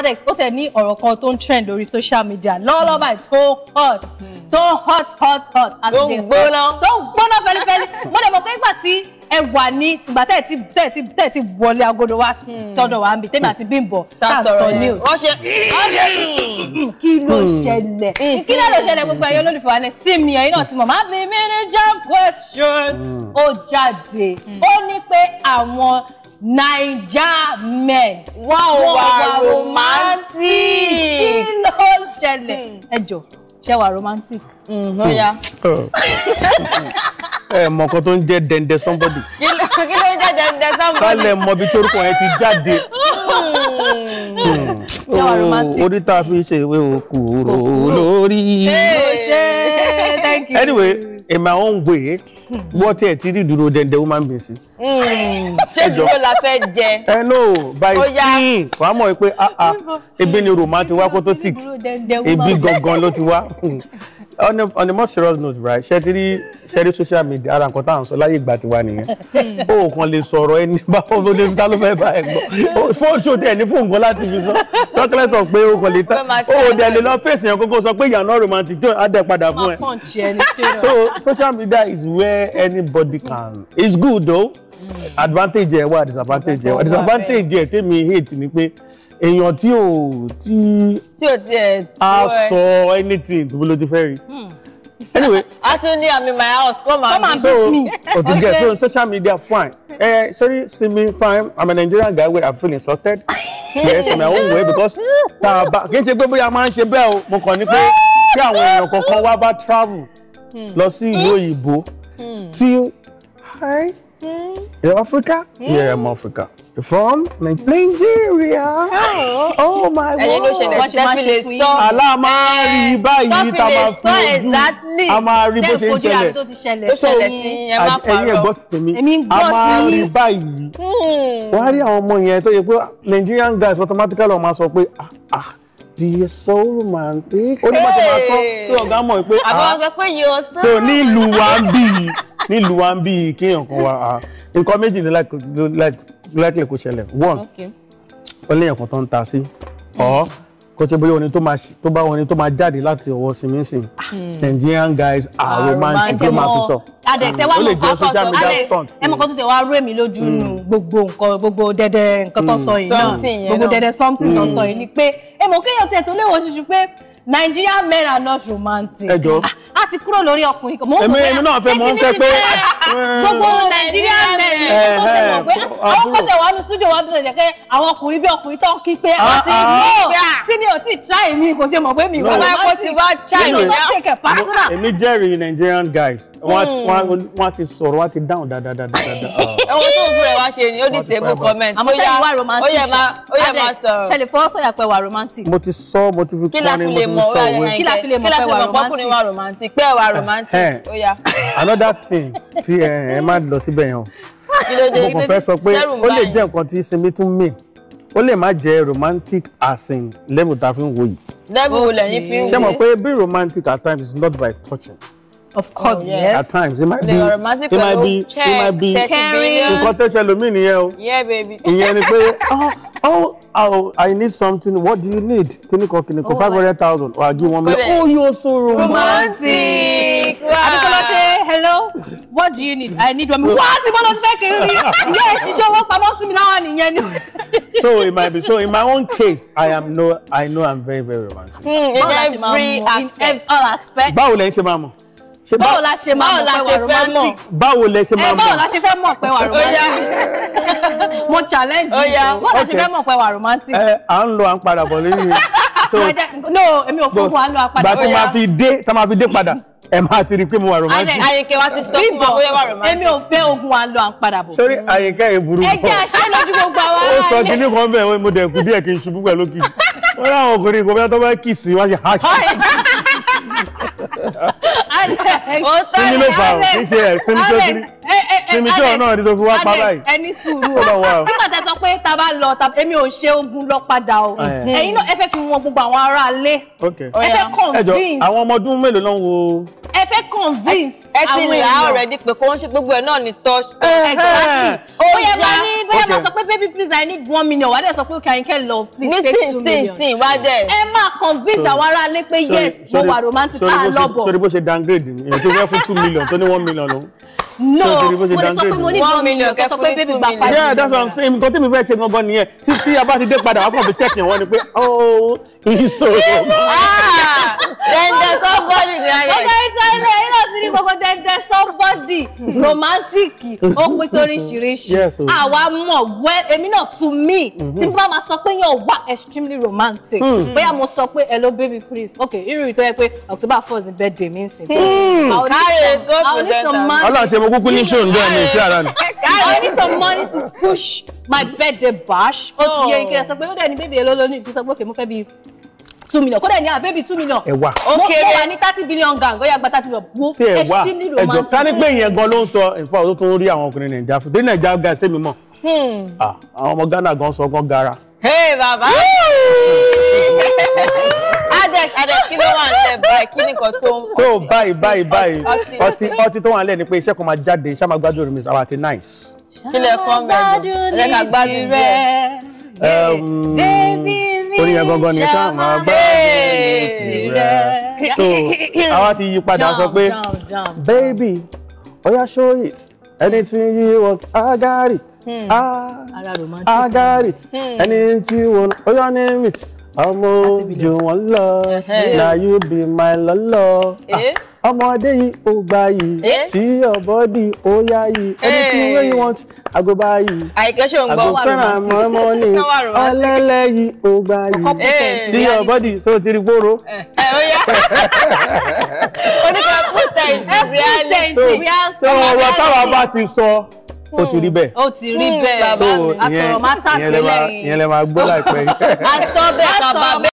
Adex ó tẹ̀ ní ọ̀rọ̀ kan tó trend lórí social media lọ́wọ́lọ́wọ́ hmm. báyìí tó hot tó hot hot hot. tó ń gbóná tó ń gbóná fẹlifẹli mo dẹ̀ mọ̀ pé nígbà tí ẹ wà ní ìgbà tẹ̀ tí tẹ̀ tí tẹ̀ tí wọlé agodo wá tọ́dọ̀ wá ń bì tèmi bimbo. Bímbọ́ sàṣọ news. wọ́n ṣe wọ́n ṣe hmm, kí ló hmm. ṣẹlẹ̀ kí ló ṣẹlẹ̀ gbogbo ẹ̀yọ́ olólùfẹ́ wa ní sími ẹ̀yin náà ti mọ̀ máa bí mi Jump jam questions ó jáde ó ní pé àwọn naija men wọn ò wà romantic kí ló ṣẹlẹ̀ hmm. ẹ jọ ṣe wà romantic. Hmm, lọ́yà. ẹ mọ nǹkan tó ń jẹ́ dẹ̀ndẹ̀ somebody. kí ló ń jẹ́ dẹ̀ndẹ̀ somebody. kálẹ̀ mọ bí torúkọ yẹn ti jáde. Hmm. ṣe wà romantic. orí tá a fi ṣe ìwé òkú lórí. anyway in my own way wọ́n tiẹ̀ ti rí dúró dẹ̀ndẹ̀ woman bìsí. Hmm. ṣé dúró la fẹ́ jẹ. ẹ eh, no by seeing wàá mọ̀ pé ah, ah, ebi ni roma ti wá kó tó tì ebi gangan ló ti wá on a on a more serious note right ṣe ti social media ara nǹkan tá à ń sọ láyé ìgbà tiwa nìyẹn ó hmm. kàn lè sọ̀rọ̀ ẹni báwo ló lè ta ló fẹ́ bá ẹ gbọ́ fóònù ṣòtì ẹ̀ ní fún nǹkan láti fi sọ chocolate sọ pé ó kàn lè ta ó dẹ̀ lè lọ fèsì yẹn kókó sọ pé ìyànà romantic tó á dẹ̀ padà fún ẹ so social media is where anybody can it's good though hmm. advantage ẹ wà disadvantage ẹ wà disadvantage ẹ tèmi hate ni pé èèyàn tí ò tí tí ò tí ẹ a sọ anything tó ló ti fẹ́ rí. Hmm. anyway a tún ní àmì my house come and meet me. so òtún jẹ so social media fine eh, sorry simi fine i'm a nigerian guy wey i feel insulted yes in my own way because tá a kì í ṣe pé bóyá máa ń ṣe bẹ́ẹ̀ o mo kàn ní pé kí àwọn èèyàn kọ̀ọ̀kan wá bá travel hmm. lọ sí ìlú hmm. òyìnbó tí hi Mm. You're Africa? Mm. Yeah, I'm Africa. You're from Nigeria. Oh, oh my God. Ẹyin ló ṣẹlẹ̀ wọ́n ṣe máa ṣe fún yín. Àlá máa rí eh, báyìí tá a máa fi ojú. A máa rí bó ṣe ń ṣẹlẹ̀. tó ti ṣẹlẹ̀ ṣẹlẹ̀ sí ẹ máa pààrọ̀. Ẹyin ẹ̀gbọ́n ti tèmi. Èmi A máa rí báyìí. Hmm. Wọ́n á rí àwọn Nigerian guys automatically wọ́n máa sọ pé ah ah di so romantic. Ó ní bá ṣe máa sọ tí ọ̀gá mọ̀ pé ah. Àbọ̀ wọn sọ pé yóò sọ. So ní ìlú wa nílùú wa ń bí kéèyàn kan wà ah, nǹkan méjì ló láìpẹ́ kó ṣẹlẹ̀ one ó léèyàn kan tó ń ta sí ọ̀ mm. kò ṣe bóyá orin tó bá orin tó máa jáde láti ọwọ́ siminsin ah. mm. Nigerian guys are ah, romantic ló máa fi sọ ó lè jẹ́ social media stunt. ẹ mọ̀ kó tó tẹ̀ wá rú èmi lójú nù mm. gbogbo nǹkan gbogbo dẹ́dẹ́ nǹkan tó sọ yìí náà gbogbo dẹ́dẹ́ something tó sọ yìí ni pé ẹ mọ̀ kéèyàn tẹ̀ tó léwọ̀ ṣíṣú pé Nigerian men are not romantic. ẹ jọ ah, a ti kúrò lórí ọkùnrin kan. èmi èmi náà fẹ́ mọ̀ ń fẹ́ pé. Eh, eh, gbogbo Nigerian eh, men ẹ ẹ àwọn kọ́tẹ̀ wà ní studio wà ní sọ̀rọ̀ kẹ́ àwọn ọkùnrin bí ọkùnrin tó ń kí pé àwọn ti mú sí ni ò tí try mi kò ṣe mọ̀ pé mi wà máa kó ti wá try mi tó ṣe kẹ̀ pásítà. èmi jẹ́rìí Nigerian guys wọ́n hmm. ti sọ̀rọ̀ wọ́n ti dáhùn dáadáa. ẹ̀wọ̀n tó ń fún rẹ̀ wá ṣe ni ó ní stable comment. àmọ́ ṣe ìwà romantic ṣe ó yẹ máa sọ̀rọ̀. ṣẹlẹ̀ fọwọ́sọ̀yà pé wà romantic. mo ti sọ mo ti fi kọ́ni mo ti mọ̀ kí la fi lè mọ̀ pé wà romantic wà romantic pé wà romantic eh, ó yá. another thing ti ẹ má lọ síbẹ̀ yẹn o mo fẹ́ sọ pé ó lè jẹ́ nǹkan tí sinmi tún mì ó lè má jẹ́ romantic as level ta fi ń wo yìí. level lẹ́yìn fi ń wo. ṣé mo pé be romantic at times is not by touching. Of course, oh, yes. At times, it might be, it might be, check, it might be, nǹkan tẹ́sẹ̀ lómi nìyẹn o. Ìyẹn ni pé, ah, oh, oh, oh, I need something. What do you need? Kiniko, kiniko, oh, 500,000. Or I give one million. Oh, you're so romantic. romantic. Wow. Abikoloshe, hello. What do you need? I need one What? You want to fake it? Yes, she show up. I'm not similar. So it might be. So in my own case, I am no, I know I'm very, very romantic. Mm, in every aspect. All aspect. Báwo lẹ́yìn ṣe ṣe bá báwo la ṣe máa mọ̀ pé wà romantic báwo la ṣe máa mọ̀ báwo la ṣe fẹ́ mọ̀ pé wà romantic mo challenge yìí báwo la ṣe fẹ́ mọ̀ pé wà romantic. ẹ à ń lọ à ń padà bọ̀ lórí no èmi ò fún wa ń lọ à padà. gbà tí máa fi dé tá máa fi dé padà ẹ máa ti rí pé mo wà romantic. àyìnkẹ́ wa ti sọ fún wa bóyá wà romantic. èmi ò fẹ́ ogun wa ń bọ̀. sórí àyìnkẹ́ yìí burú bọ̀. ẹgbẹ́ àṣẹ lójú gbogbo àwa. ó sọ kinní kan bẹ́ẹ̀ mo dẹ̀ kú díẹ̀ kí n ṣubú pẹ̀lú kì í. wọ́n láwọn ọkùnrin kò bẹ́ẹ̀ tó bá kì í sí wá ṣe sinmi ló fà ó kì í ṣe ẹ sinmi tó sinmi sinmi tó náà ni tó fi wá pa báyìí. ẹni sùúrù o nígbà a sọ pé ta bá lọ ta èmi ò ṣe ogun lọ padà o eh. ẹ̀yin náà ẹ fẹ́ fi wọn gbogbo àwọn ará ilé ẹ fẹ́ convince. ẹjọ àwọn ọmọ ọdún mélòó ló wo convince àwọn èèyàn. ẹ ti là already pé kò ń ṣe gbogbo ẹ̀ náà ni touch. exactly ó yẹ máa ní bẹ́ẹ̀ máa sọ pé baby please i need one million wàá dẹ̀ sọ pé okay i can love please take two million. nísinsìnyí wàá dẹ̀. ẹ máa convince àwọn ará ilé pé yes mo wà romantic tá a lọ́bọ̀. sori bó ṣe downgrade ni èyí tó fẹ́ fún two million tó ní one million lòun no mo ní sọ pé mo ní one million kẹ sọ pé baby gba five million. yeah that's what i'm saying nǹkan tí mi fẹ́ ṣe gangan nìyẹn tí tí a bá ti dé padà wọ́n kàn fi check yẹn wọ́n ni pé oh he's so romantic. Ah! then there's somebody there. ọkọ ìtọ́ ilé ti ní gbogbo dẹ́dẹ́ somebody romantic ó pín sí oríṣiríṣi oh. àwa mọ̀ well èmi náà to me mm-hmm. tí bá máa sọ pé yàn wà extremely romantic hmm. bóyá mo sọ pé hello baby please ok irú ìtọ́ yẹ pé October first ni birthday mi ń sìn. Hmm. káre go present ọlọ́run ṣe mo kúkú ní ṣòun bẹ́ẹ̀ ni iṣẹ́ ara mi. I need some money to push my birthday bash. ó ti yẹ kí ẹ sọ pé ó dẹ̀ ní bébí èlò lónìí kí sọ pé òkè mo fẹ́ bí two million kódà ní àwọn bébì two million. ẹ wà ó kéré mo wà ní thirty billion gang ó yà gba thirty billion. wo extremely romantic. ẹjọ ká ní pé ìyẹn gan ló ń sọ ìfọ tó tó rí àwọn ọkùnrin nàìjíríà fún dé nàìjíríà guys tèmi mọ àwọn ọmọ ghana gan sọ gan gara. hey baba adex adex kí ló wà nílẹ̀ báyìí kí ni nǹkan tó ń. so báyìí báyìí báyìí ọtí ọtí tó wà nílẹ̀ ni pé iṣẹ́ kan máa jáde iṣẹ́ máa gbádùn mi àwọn àti nice. kílẹ̀ kan mẹ́rin ẹ̀ka gbádùn rẹ̀ orin yẹn gangan ni ká máa gbá ẹ̀ẹ́dì rẹ̀ so àwa ti yí padà sọ pé baby oya show it anything you want i got it hmm. ah i got it anything you want oya name it ọmọ òjò wọn lọ na you be my lọlọ ah, ọmọdé yìí ó gbá yìí sí ọbọdì ó yá yìí anything wey you want agoba yìí agofẹ́ràn mọ́mọ́ ni ọlẹ́lẹ́ yìí ó gbá yìí sí ọbọdì so ti rí gbòòrò. oníkan put ten t reality. so ọ̀rọ̀ táwa bá ti sọ ó ti rí bẹ́ẹ̀. ó ti rí hmm, bẹ́ẹ̀ bàbá àsọ̀rọ̀ má tà sílẹ̀ yìí. ìyẹn lè máa gbọ́ láìpẹ́. àsọ̀bẹ̀ kàbàbẹ̀.